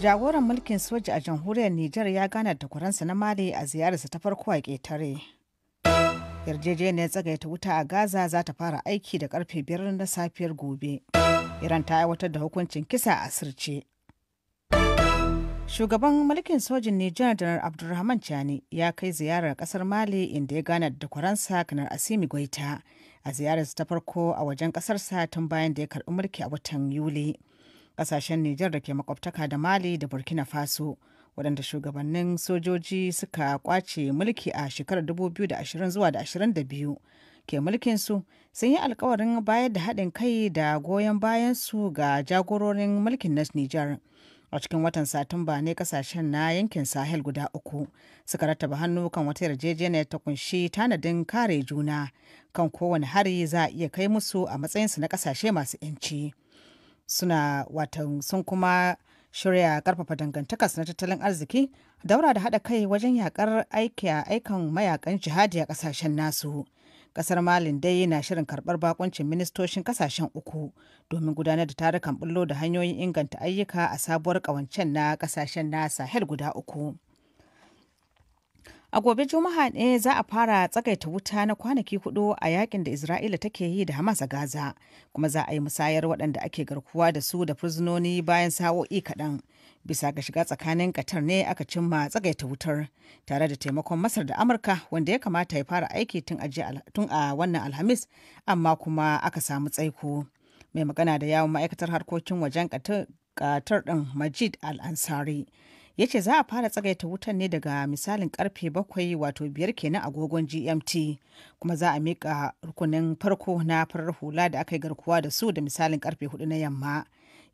Jagoran mulkin soja a jamhuriyar Nijar ya gana da takwaransa na Mali a ziyararsa ta farko a ƙetare. Yarjejeniyar tsagaita wuta a Gaza za ta fara aiki da karfe biyar na safiyar gobe. Iran ta aiwatar da hukuncin kisa a sirce Shugaban mulkin sojin Nijar Janar Abdulrahman Chani ya kai ziyarar kasar Mali inda ya gana da takwaransa kanar Asimi Gwaita a ziyararsa ta farko a wajen kasarsa tun bayan da ya karɓi mulki a watan Yuli. ƙasashen Nijar da ke makwabtaka da Mali da Burkina Faso waɗanda shugabannin sojoji suka kwace mulki a shekarar 2020 zuwa da 22 ke mulkin su, sun yi alkawarin bayar da haɗin kai da goyon bayansu ga jagororin mulkin na Nijar. a cikin watan satumba ne kasashen na yankin sahel guda uku suka rattaba hannu kan wata yarjejeniya ta kunshi tanadin kare juna kan kowane hari za a iya kai musu a matsayinsu na kasashe masu 'yanci. suna watan sun kuma shirya karfafa dangantakas na tattalin arziki daura da haɗa kai wajen yakar aiki a aikan mayakan jihadi a ƙasashen nasu ƙasar malin dai na shirin karɓar bakuncin ministoshin ƙasashen uku domin gudanar da tarukan bullo da hanyoyin inganta ayyuka a sabuwar ƙawancen na ƙasashen nasa sahel guda uku A gobe Juma'a ne za a fara tsagaita wuta na kwanaki hudu a yakin da Isra'ila take yi da Hamas a Gaza, kuma za a yi musayar waɗanda ake garkuwa da su da fursunoni bayan sa'o'i kaɗan. Bisa ga shiga tsakanin katar ne aka cimma tsagaita wutar tare da taimakon Masar da Amurka wanda ya kamata ya fara aiki tun a wannan Alhamis, amma kuma aka samu tsaiko. Mai magana da yawon ma'aikatar harkokin wajen katar ɗin Majid Al-Ansari. yace ce za a fara tsagaita wutan ne daga misalin karfe bakwai wato biyar kenan agogon gmt kuma za a miƙa rukunin farko na farar hula da aka yi garkuwa da su da misalin karfe hudu na yamma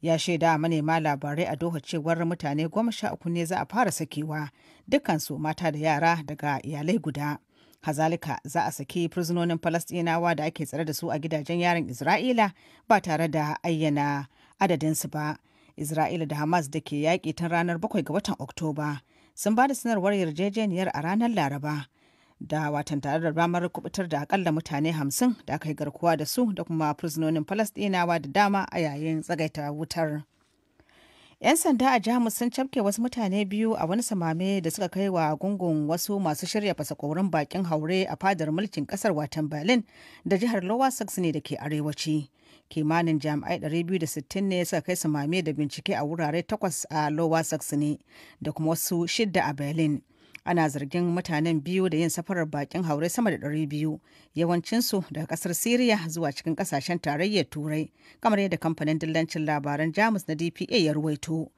ya shaida manema labarai a doha cewar mutane goma sha uku ne za a fara sakewa dukansu mata da yara daga iyalai guda hazalika za a saki fursunonin falastinawa da ake tsare da su a gidajen yarin isra'ila ba tare da ayyana adadinsu ba Isra'ila da Hamas da ke yaƙi tun ranar 7 ga watan Oktoba sun ba da sanarwar yarjejeniyar a ranar Laraba da watan tare da ramar kubutar da akalla mutane 50 da aka yi garkuwa da su da kuma fursunonin Falasɗinawa da dama a yayin tsagaita wutar. 'Yan sanda a Jamus sun cafke wasu mutane biyu a wani samame da suka kai wa gungun wasu masu shirya fasakorin bakin haure a fadar mulkin kasar watan Berlin da jihar Lower Saxony da ke arewaci. kimanin jami'ai 260 ne suka kai samame da bincike a wurare takwas a lower saxony da kuma wasu shidda a berlin ana zargin mutanen biyu da yin safarar bakin haure sama da 200 yawancinsu daga kasar syria zuwa cikin kasashen tarayyar turai kamar yadda kamfanin dillancin labaran jamus na dpa ya ruwaito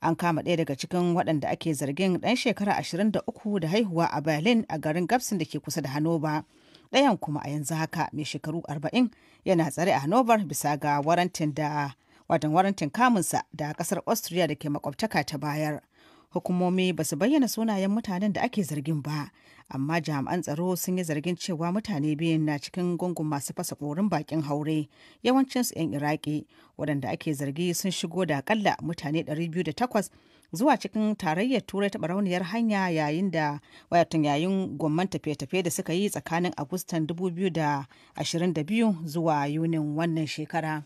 an kama ɗaya daga cikin waɗanda ake zargin ɗan shekara 23 da haihuwa a berlin a garin gabsin da ke kusa da hanoba ɗayan kuma a yanzu haka mai shekaru 40 yana tsare a Hannover bisa ga warantin da watan warantin kamunsa da kasar Austria da ke makwabtaka ta bayar. Hukumomi ba su bayyana sunayen mutanen da ake zargin ba, amma jami'an tsaro sun yi zargin cewa mutane biyun na cikin gungun masu fasa korin bakin haure, yawancinsu 'yan Iraki, waɗanda ake zargi sun shigo da akalla mutane 208 zuwa cikin tarayyar turai ta barauniyar hanya yayin da wayatun yayin gomman tafiye-tafiye da suka yi tsakanin agustan 2022 zuwa yunin wannan shekara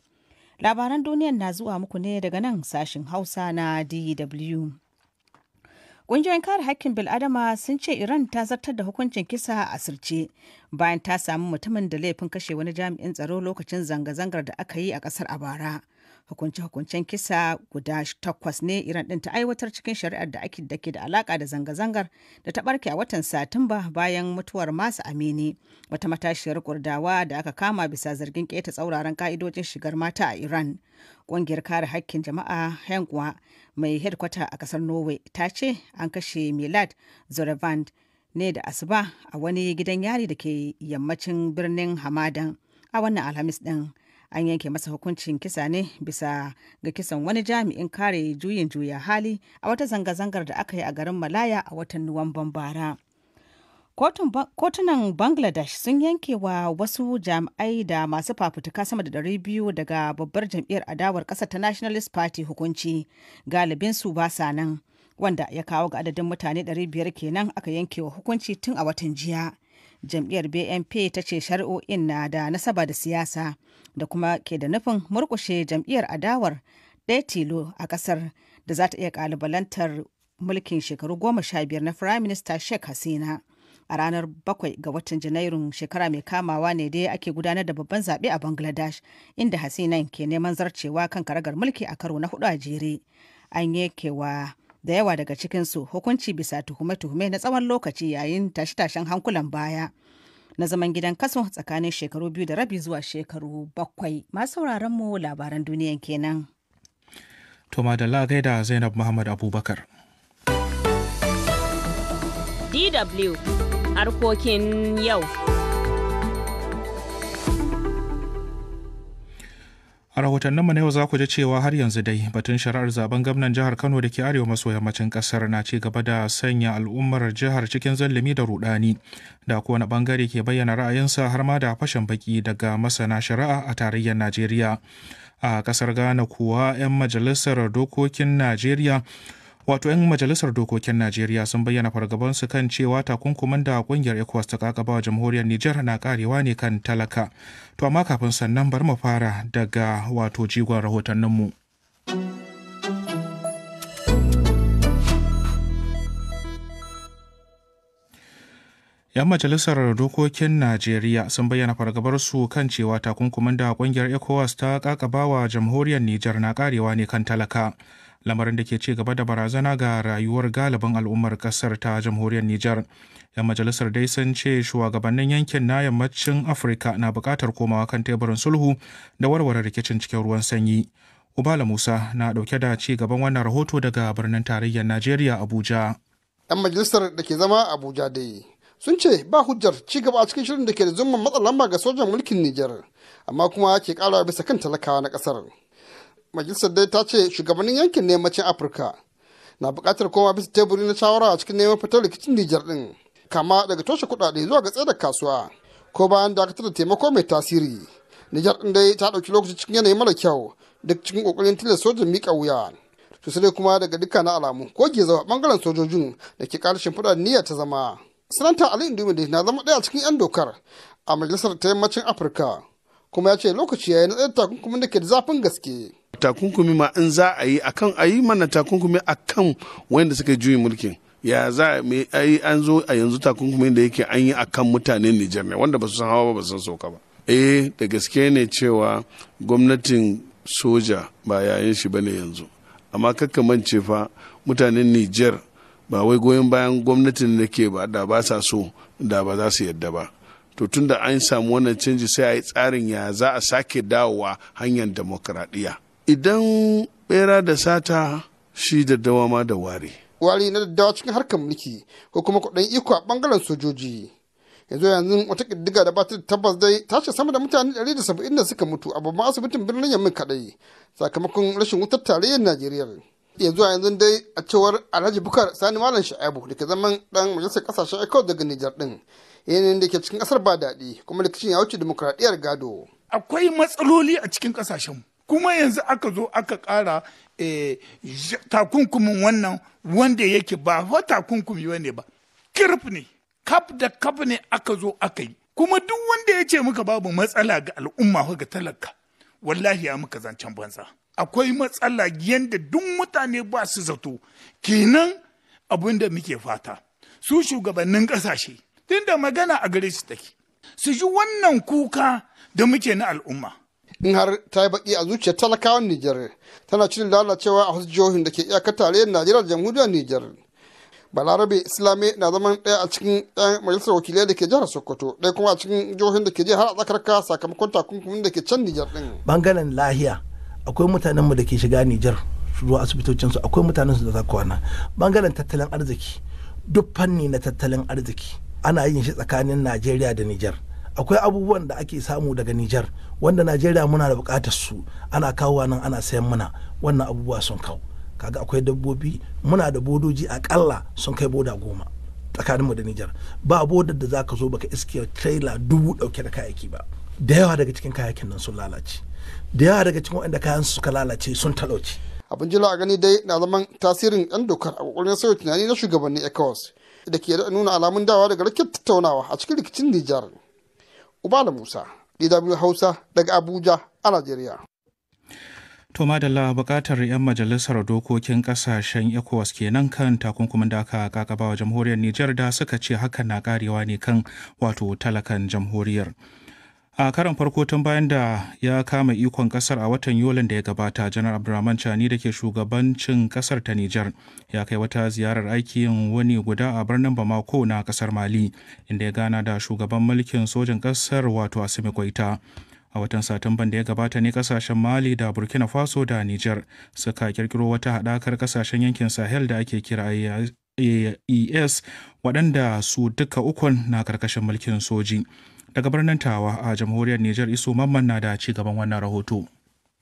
labaran duniyar na zuwa muku ne daga nan sashin hausa na dw Ƙungiyoyin kare hakkin bil'adama sun ce Iran ta zartar da hukuncin kisa a sirce bayan ta samu mutumin da laifin kashe wani jami'in tsaro lokacin zanga-zangar da aka yi a ƙasar a bara. hukunce-hukuncen kisa guda takwas ne iran ɗin ta aiwatar cikin shari'ar da ake dake da alaka da zanga-zangar da ta barke a watan satumba bayan mutuwar masu amini wata matashiyar kurdawa da aka kama bisa zargin keta tsauraran ka'idojin shigar mata a iran ƙungiyar kare hakkin jama'a henguwa mai hedkwata a kasar norway ta ce an kashe milad zorevand ne da asuba a wani gidan yari da ke yammacin birnin hamadan a wannan alhamis ɗin an yanke masa hukuncin kisa ne bisa ga kisan wani jami'in kare juyin juya hali a wata zanga-zangar da aka yi a garin malaya a watan nuwamban bara kotunan bangladesh sun yanke wa wasu jami'ai da masu fafutuka sama da 200 daga babbar jam'iyyar adawar ƙasa ta nationalist party hukunci galibin su ba sa nan wanda ya kawo ga adadin mutane 500 kenan aka yanke wa hukunci tun a watan jiya jam'iyyar bnp ta ce shari'o'in na da nasaba da siyasa da kuma ke da nufin murkushe jam'iyyar adawar ɗaya tilo a ƙasar da za ta iya ƙalubalantar mulkin shekaru goma sha biyar na firayim minista sheikh hasina a ranar bakwai ga watan janairun shekara mai kamawa ne dai ake gudanar da babban zaɓe a bangladesh inda hasina ke neman zarcewa kan karagar mulki a karo na hudu a jere an wa. da yawa daga cikinsu hukunci bisa tuhume-tuhume na tsawon lokaci yayin tashe-tashen hankulan baya na zaman gidan kaso tsakanin shekaru biyu da rabi zuwa shekaru bakwai masu sauraron mu labaran duniyan kenan. To Zainab Muhammad Abubakar. DW harkokin yau. a rahotannin mu na yau za ku ji cewa har yanzu dai batun shari'ar zaben gwamnan jihar kano da ke arewa maso yammacin kasar na ci gaba da sanya al'ummar jihar cikin zallumi da rudani da kowane bangare ke bayyana ra'ayinsa har ma da fashin baki daga masana shari'a a tarayyar najeriya a kasar ghana kuwa 'yan majalisar dokokin najeriya wato 'yan majalisar dokokin najeriya sun bayyana fargabansu kan cewa takunkumin da kungiyar ecowas ta kakaba wa jamhuriyar nijar na karewa ne kan talaka to amma kafin sannan bar mu fara daga wato jigon rahotanninmu yan majalisar dokokin najeriya sun bayyana fargabar su kan cewa takunkumin da kungiyar ecowas ta kakaba wa jamhuriyar nijar na karewa ne kan talaka lamarin da ke ci gaba da barazana ga rayuwar galibin al'ummar kasar ta jamhuriyar Nijar. 'Yan majalisar dai sun ce shugabannin yankin na yammacin Afirka na bukatar komawa kan teburin sulhu da warware rikicin cikin ruwan sanyi. Ubala Musa na dauke da ci gaban wannan rahoto daga birnin tarayyar Najeriya Abuja. 'Yan majalisar da ke zama Abuja dai sun ce ba hujjar ci gaba a cikin shirin da ke da zumman matsa ga sojan mulkin Nijar, amma kuma ke kara bisa kan talakawa na kasar. majalisar dai ta ce shugabannin yankin na yammacin afirka na buƙatar kowa bisa teburi na shawara a cikin neman fitar rikicin nijar ɗin kama daga toshe kuɗaɗe zuwa ga tsaye kasuwa ko bayan dakatar da taimako mai tasiri nijar din dai ta ɗauki lokaci cikin yanayi mara kyau duk cikin ƙoƙarin tilas sojan miƙa wuya to sai kuma daga dukkan alamu ko ke zama ɓangaren sojojin da ke ƙara shimfiɗa niyya ta zama sananta ali indumi na zama ɗaya cikin 'yan dokar a majalisar ta yammacin afirka kuma ya ce lokaci ya yi na tsaye takunkumin da ke da zafin gaske takunkumi ma in za a yi akan a yi mana takunkumi akan wanda suka juyin mulkin ya za a yi an zo a yanzu takunkumin da yake an yi akan mutanen Nijar ne wanda ba su san hawa ba ba san soka ba eh da gaske ne cewa gwamnatin soja ba yayin shi bane yanzu amma kakka mance fa mutanen Nijar ba wai goyon bayan gwamnatin da ke ba da ba sa so da ba za su yadda ba to tunda an samu wannan canji sai a yi tsarin ya za a sake dawowa hanyar demokradiyya idan bera da sata shi da dawama da wari wari na daddawa cikin harkar mulki ko kuma kuɗin iko a bangaren sojoji yanzu yanzu wata ƙiddiga da bata tabbas dai tashi, sama da mutane 170 da suka mutu a babban asibitin birnin yammin kadai sakamakon rashin wutar tarayyar najeriya yanzu yanzu dai a cewar alhaji bukar sani malam sha'abu da ke zaman dan majalisar kasashen ikaw daga nijar din yanayin da ke cikin kasar ba daɗi kuma rikicin ya wuce dimokuraɗiyar gado akwai matsaloli a cikin kasashen kuma yanzu aka zo aka ƙara eh, takunkumin wannan wanda yake ba fa takunkumi ba kirf ne kaf da kaf ne aka zo aka yi kuma duk wanda ya ce muka babu matsala ga al'umma ga talaka wallahi ya muka zancen banza akwai matsala yadda duk mutane ba su zato kenan abin da muke fata su shugabannin ƙasashe tunda magana a gare su take su ji wannan kuka da muke na al'umma in har ta yi baki a zuciyar talakawan Nijar tana cikin lalacewa a wasu jihohin da ke iyakar tarayyar Najeriya da jamhuriyar Nijar. Balarabe Islame na zaman ɗaya a cikin ɗan majalisar wakilai da ke jihar Sokoto ɗaya kuma a cikin jihohin da ke jihar har a tsakar sakamakon takunkumin da ke can Nijar ɗin. Bangaren lahiya akwai mutanenmu da ke shiga Nijar zuwa su akwai mutanen su da za kwana bangaren tattalin arziki duk fanni na tattalin arziki ana yin shi tsakanin Najeriya da Nijar. akwai abubuwan da ake samu daga Nijar wanda Najeriya muna da bukatar su ana kawo nan ana sayan muna wannan abubuwa sun kawo kaga akwai dabbobi muna da bodoji akalla sun kai boda goma tsakaninmu da Nijar ba bodar da zaka zo baka iske trailer dubu dauke da kayayyaki ba da yawa daga cikin kayayyakin nan sun lalace da yawa daga cikin waɗanda kayan su suka lalace sun talauci abin jila a gani dai na zaman tasirin yan dokar a kokarin sauya tunani na shugabanni ecowas da ke nuna alamun dawa daga rakiyar tattaunawa a cikin rikicin nijar Umaru Musa, DW Hausa daga Abuja a Najeriya. To madalla bukatar 'yan majalisar dokokin kasashen ECOWAS kenan kan takunkumin da aka kakaba wa jamhuriyar Nijar da suka ce hakan na karewa ne kan wato talakan jamhuriyar. a karan farko tun bayan da ya kama ikon kasar a watan yolin da ya gabata janar abdulrahman chani da ke shugabancin kasar ta nijar ya kai wata ziyarar aikin wani guda a birnin bamako na kasar mali inda ya gana da shugaban mulkin sojin kasar wato asimi goita a watan satumban da ya gabata ne kasashen mali da burkina faso da nijar suka kirkiro wata haɗakar kasashen yankin sahel da ake kira es waɗanda su duka ukun na karkashin mulkin soji. daga birnin tawa a jamhuriyar niger iso mamman na da ci gaban wannan rahoto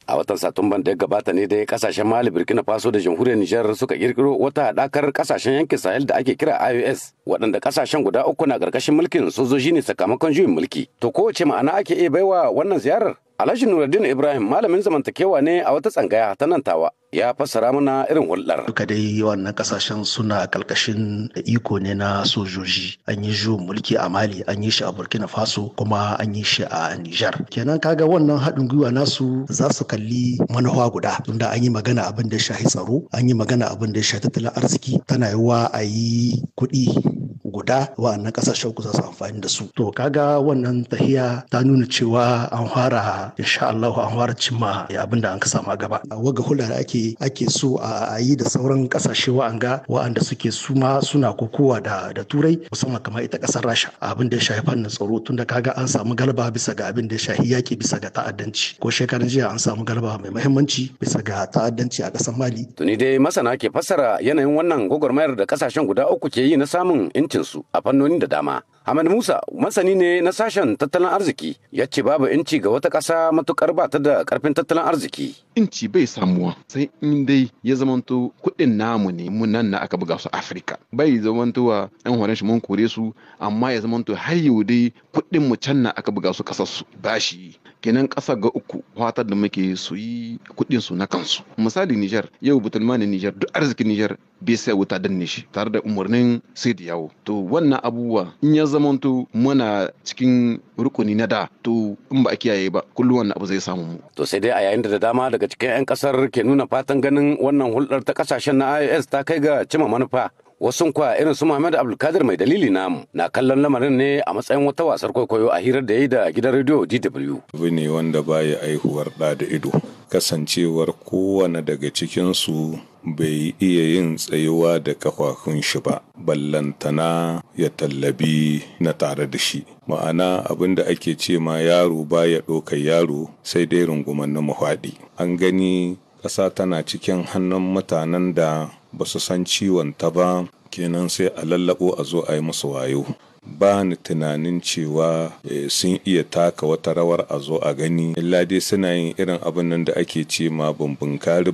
a watan satumban da ya gabata ne dai kasashen mali burkina faso da jamhuriyar nijar suka kirkiro wata haɗakar kasashen yankin sahel da ake kira ios waɗanda kasashen guda uku na ƙarƙashin mulkin sojoji ne sakamakon juyin mulki to kowace ma'ana ake iya baiwa wannan ziyarar Alhaji Nuruddin Ibrahim malamin zamantakewa ne a wata tsangaya ta nan tawa ya fassara mana irin hulɗar. Duka dai wannan kasashen suna kalkashin iko ne na sojoji. An yi juyin mulki a Mali, an yi shi a Burkina Faso, kuma an yi shi a Nijar. Kenan kaga wannan haɗin gwiwa nasu za su kalli manufa guda. Tunda an yi magana abin da ya shahi tsaro, an yi magana abin da ya shahi tattalin arziki, tana yiwa a yi kuɗi guda wa'annan kasashen ku za su amfani da su to kaga wannan tahiya ta nuna cewa an fara insha Allah an fara cimma abin da an ka sama gaba waga hula da ake ake so a yi da sauran kasashe wa'anga wa'anda suke suma suna kokowa da da turai musamman kamar ita kasar rasha abin da ya shafi fannin tsaro tunda kaga an samu galba bisa ga abin da ya shafi yaki bisa ga ta'addanci ko shekaran jiya an samu galba mai muhimmanci bisa ga ta'addanci a kasar mali to tuni dai masana ke fassara yanayin wannan gwagwarmayar da kasashen guda uku ke yi na samun incin su a fannoni da dama. Hamad Musa masani ne na sashen tattalin arziki ya ce babu inci ga wata ƙasa matukar ba ta da ƙarfin tattalin arziki. Inci bai samuwa sai in dai ya zamanto kuɗin namu ne mun nan na aka buga su Afirka. Bai zamantawa ɗan horon shi mun kore su amma ya zamanto har yau dai kuɗin mu can na aka buga su ƙasar su bashi kenan ƙasa ga uku fatar da muke su yi kuɗin su na kansu misali nijar yau butulmanin nijar duk arzikin nijar bai sai wuta danne shi tare da umarnin sai da yawo to wannan abubuwa in ya zama zamanto muna cikin rukuni na da to in ba a kiyaye ba kullum wannan abu zai samu mu to sai dai a yayin da dama daga cikin 'yan kasar ke nuna fatan ganin wannan hulɗar ta kasashen na is ta kai ga cima manufa wasu kwa irin su Muhammad Abdulkadir mai dalili namu na kallon lamarin ne a matsayin wata wasar kwaikwayo a hirar da ya yi da gidan rediyo DW. Abu ne wanda baya aihuwar ɗa da ido. Kasancewar kowane daga cikinsu bai iya yin tsayuwa da kafafun shi ba, ballantana ya tallabi na tare da shi. Ma'ana abin da ake ce ma yaro baya ɗaukar yaro sai dai rungumannin mafaɗi. An gani ƙasa tana cikin hannun mutanen da ba su san ciwon ta ba kenan sai a lallabo a zo a yi musu wayo ba ni tunanin cewa eh, sun iya taka wata rawar a zo a gani illa dai suna yin irin abin nan da ake ce ma bumbun kari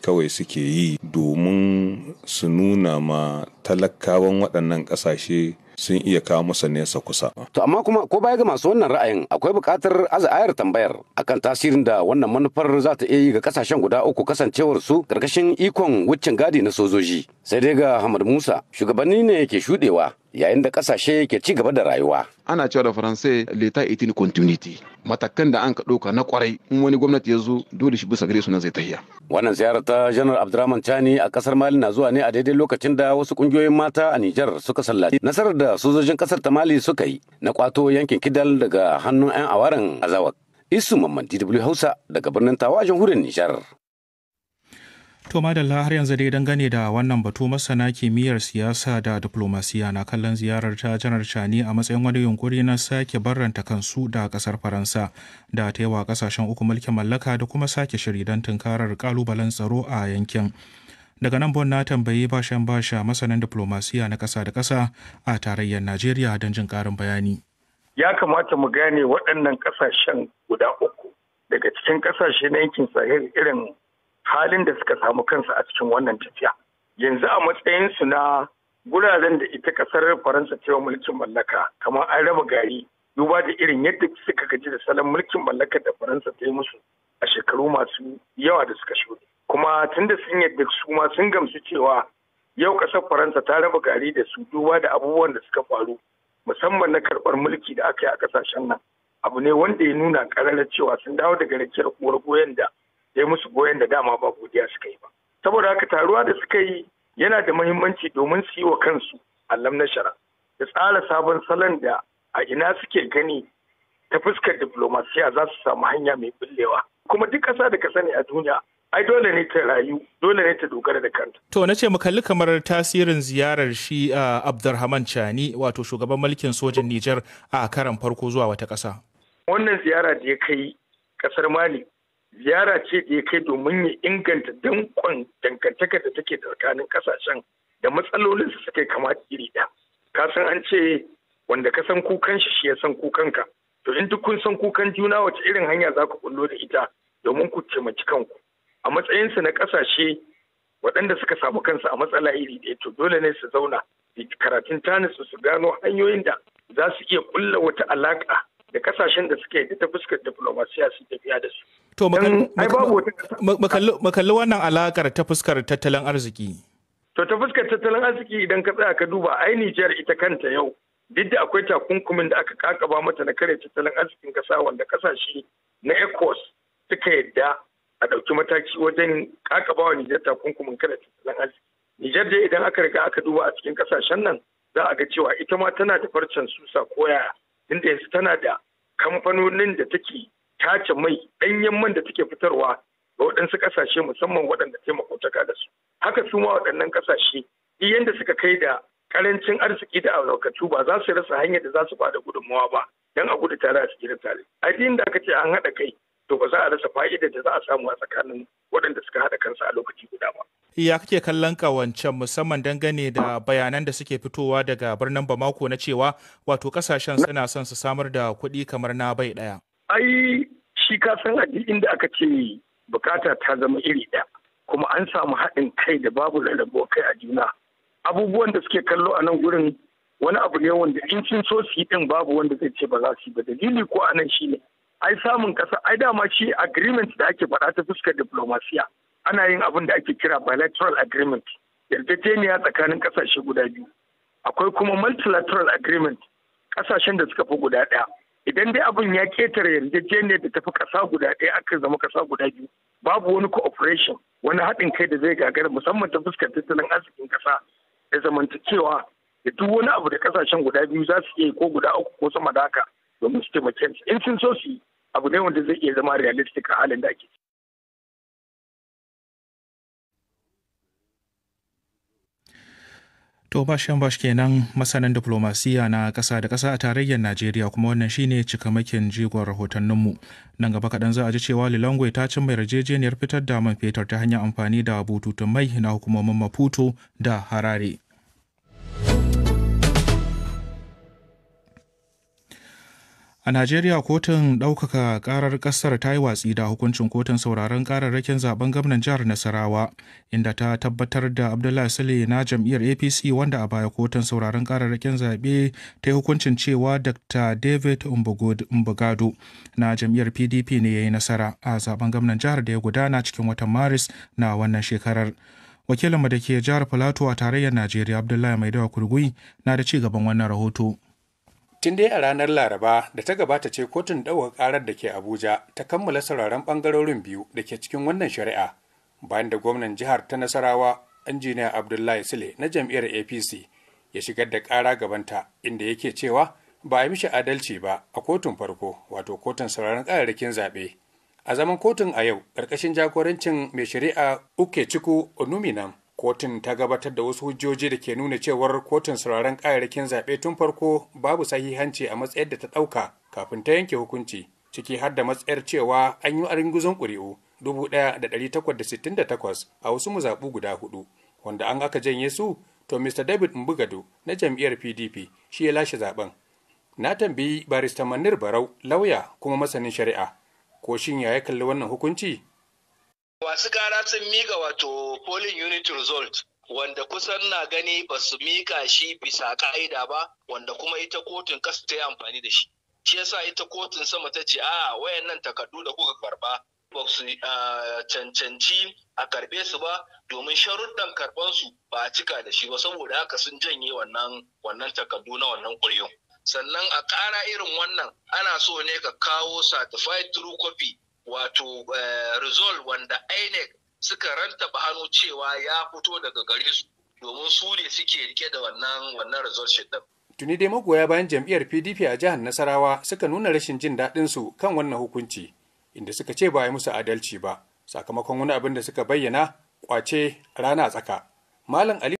kawai suke yi domin su nuna ma talakawan waɗannan ƙasashe sun iya kawo masa nesa kusa. To amma kuma ko baya ga masu wannan ra'ayin akwai buƙatar aza'ayar tambayar akan tasirin da wannan manufar za ta iya yi ga ƙasashen guda uku kasancewar su ƙarƙashin ikon wuccin gadi na sojoji. Sai dai ga Hamad Musa shugabanni ne ke shuɗewa yayin da ƙasashe ke ci gaba da rayuwa. ana cewa da faransai leta itin continuity matakan da an ka ɗauka na kwarai in wani gwamnati ya zo dole shi bisa gare su nan zai tahiya. Wannan ziyarar ta Janar Abdurrahman Chani a kasar Mali na zuwa ne a daidai lokacin da wasu kungiyoyin mata a Nijar suka sallaci nasarar da sojojin kasar ta Mali suka yi na kwato yankin Kidal daga hannun 'yan awarin Azawak. Isu Mamman DW Hausa daga birnin Tawa a jamhuriyar Nijar. To madalla har yanzu dai dangane da wannan batu masana kimiyyar siyasa da diplomasiya na kallon ziyarar ta janar Chani a matsayin wani yunkuri na sake barranta kansu da kasar Faransa da ta yi wa kasashen uku mulkin mallaka da kuma sake shiri don tunkarar kalubalen tsaro a yankin. Daga nan bon na tambayi bashan basha masanin diplomasiya na kasa da kasa a tarayyar Najeriya don jin karin bayani. Ya kamata mu gane waɗannan ƙasashen guda uku daga cikin ƙasashe na yankin Sahel irin halin da suka samu kansu a cikin wannan tafiya yanzu a matsayinsu na guraren da ita kasar faransa cewa mulkin mallaka kamar an raba gari duba da irin yadda suka gaji da salon mulkin mallaka da faransa ta yi musu a shekaru masu yawa da suka shuɗe kuma tun da sun yadda su ma sun gamsu cewa yau kasar faransa ta raba gari da su duba da abubuwan da suka faru musamman na karɓar mulki da aka yi a ƙasashen nan abu ne wanda ya nuna ƙararra cewa sun dawo daga rakiyar uwar goyon da ya musu goyon da dama ba godiya suka yi ba saboda haka taruwa da suka yi yana da mahimmanci domin su yi wa kansu allam na shara da tsara sabon salon da a ina suke gani ta fuskar diplomasiya za su samu hanya mai bullewa kuma duk ƙasa da ka sani a duniya ai dole ne ta rayu dole ne ta dogara da kanta. To na ce mu kalli kamar tasirin ziyarar shi a Abdulrahman Chani wato shugaban mulkin sojin Nijar a karan farko zuwa wata ƙasa. Wannan ziyara da ya kai ƙasar Mali ziyara ce da ya kai domin ya inganta dankon dangantakar da take tsakanin kasashen da matsalolin su suke kama iri ɗaya ka san an ce wanda ka san kukan shi shi ya san kukan ka to in duk kun san kukan juna wace irin hanya za ku kullo da ita domin ku taimaki kanku a matsayinsu na kasashe waɗanda suka samu kansu a matsala iri ɗaya to dole ne su zauna karatun tani su gano hanyoyin da za su iya kulla wata alaƙa da kasashen da suke da ta fuskar diflomasiya su tafiya da su To makalli wannan alakar ta fuskar tattalin arziki. To ta fuskar tattalin arziki idan ka tsaya ka duba ai Nijar ita kanta yau duk da akwai takunkumin da aka kakaba mata na kare tattalin arzikin kasa wanda kasashe na ECOWAS suka yadda a ɗauki mataki wajen kakaba wa Nijar takunkumin kare tattalin arziki. Nijar dai idan aka riga aka duba a cikin kasashen nan za a ga cewa ita ma tana da farcen susa koya inda yanzu tana da kamfanonin da take tace mai ɗanyen man da take fitarwa ga waɗansu ƙasashe musamman waɗanda taimakotaka da su haka su ma waɗannan ƙasashe yadda suka kai da ƙarancin arziki da albarkatu ba za su rasa hanyar da za su bada gudunmawa ba don a gudu tare a cikin tare a da aka ce an haɗa kai to ba za a rasa fa'idar da za a samu a tsakanin waɗanda suka haɗa kansu a lokaci guda ba. Ya kake kallon kawancen musamman dangane da bayanan da suke fitowa daga birnin Bamako na cewa wato kasashen suna son su samar da kuɗi kamar na bai ɗaya. ai shi ka san a inda aka ce bukata ta zama iri ɗaya kuma an samu haɗin kai da babu rarrabo kai a juna abubuwan da suke kallo a nan gurin wani abu ne wanda in sun so su yi ɗin babu wanda zai ce ba za su yi ba dalili ko a nan shine ai samun ƙasa ai dama shi agreement da ake faɗa ta fuskar diplomasiya ana yin abin da ake kira bilateral agreement yarjejeniya tsakanin ƙasashe guda biyu akwai kuma multilateral agreement ƙasashen da suka fi guda ɗaya idan dai abin ya ketare yarjejeniyar da tafi kasa guda ɗaya aka zama kasa guda biyu babu wani cooperation wani haɗin kai da zai gagara musamman ta fuskar tattalin arzikin kasa da zamantakewa da duk wani abu da kasashen guda biyu za su iya ko guda uku ko sama da haka domin su taimake in sun so su yi abu ne wanda zai iya zama realistic a halin da ake To bashin bash kenan masanin diplomasiya na ƙasa da ƙasa a tarayyar Najeriya kuma wannan shine cikamakin jigon rahotanninmu. Nan gaba kaɗan za a ji cewa Lilongwe ta cimma yarjejeniyar fitar da man fetur ta hanyar amfani da bututun mai na hukumomin Maputo da Harare. A Najeriya kotun ɗaukaka ƙarar ƙasar ta yi watsi da hukuncin kotun sauraron ƙararrakin zaben gwamnan jihar Nasarawa, inda ta tabbatar da Abdullahi Sule na jam'iyyar APC wanda a baya kotun sauraron ƙararrakin zaɓe ta yi hukuncin cewa Dr. David Mbugado na jam'iyyar PDP ne ya yi nasara a zaben gwamnan jihar da ya gudana cikin watan Maris na wannan shekarar. Wakilinmu da ke jihar Filato a tarayyar Najeriya Abdullahi Maidawa Kurgui na da ci gaban wannan rahoto. Tun dai a ranar Laraba da ta gabata ce kotun ɗaukar ƙarar da ke Abuja ta kammala sauraron ɓangarorin biyu da ke cikin wannan shari'a bayan da gwamnan jihar ta Nasarawa injiniya Abdullahi Sule na jam'iyyar APC ya shigar da ƙara gabanta inda yake cewa ba a yi mishi adalci ba a kotun farko wato kotun sauraron ƙararrakin zaɓe. A zaman kotun a yau ƙarƙashin jagorancin mai shari'a Uke Ciku Onuminam kotun ta gabatar da wasu hujjoji da ke nuna cewar kotun sauraron kayayyakin zaɓe tun farko babu sahihanci a matsayar da ta ɗauka kafin ta yanke hukunci ciki har da matsayar cewa an yi arin aringuzon ƙuri'u dubu ɗaya 1868 a wasu mazaɓu guda hudu wanda an aka janye su to mr david mbugado na jam'iyyar pdp shi ya lashe zaben na tambayi barista manir barau lauya kuma masanin shari'a ko shin ya kalli wannan hukunci Wasu kara sun mika wato polling unit result wanda kusan na gani ba su mika shi bisa ka'ida ba wanda kuma ita kotun kasa ta yi amfani da shi. Shi yasa ita kotun sama ta ce a wayannan takardu da kuka karba ba su cancanci a karbe su ba domin sharuɗan su ba a cika da shi ba saboda haka sun janye wannan takardu na wannan ƙuri'un. sannan a ƙara irin wannan ana so ne ka kawo certified true copy wato eh, result wanda INEC suka rantaba hannu cewa ya fito daga gare su domin su ne suke rike da wannan wannan result sheet tuni dai magoya bayan jam'iyyar PDP a jihar Nasarawa suka nuna rashin jin daɗin su kan wannan hukunci inda suka ce ba ya musu adalci ba sakamakon wani abin da suka bayyana kwace rana tsaka malam Ali